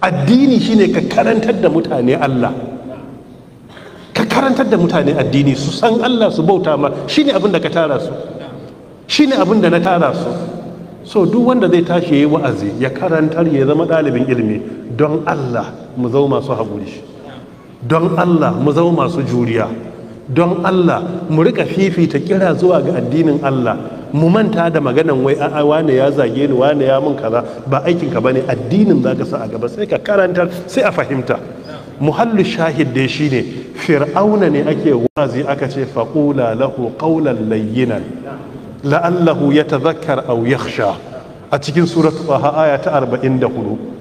addini shine ka karantar da mutane Allah ka karantar da mutane addini su san Allah su bauta ma shine abin da ka tara su shine abin da na tara su so duk wanda zai tashi ya yi wa'azi ya karantar ya zama ɗalibin ilimi don Allah mu zama masu haƙuri don Allah mu zama masu juriya don Allah mu rika fifita kira zuwa ga addinin Allah mu manta da maganan wai a wane ya zage ni wane ya mun kaza ba aikin ka bane addinin zaka sa a gaba sai ka karanta sai a fahimta muhallu shahid dai shine fir'auna ne ake wazi aka ce faqula lahu qawlan layyinan la'allahu yatadhakkar aw yakhsha a cikin suratu ta aya ta 44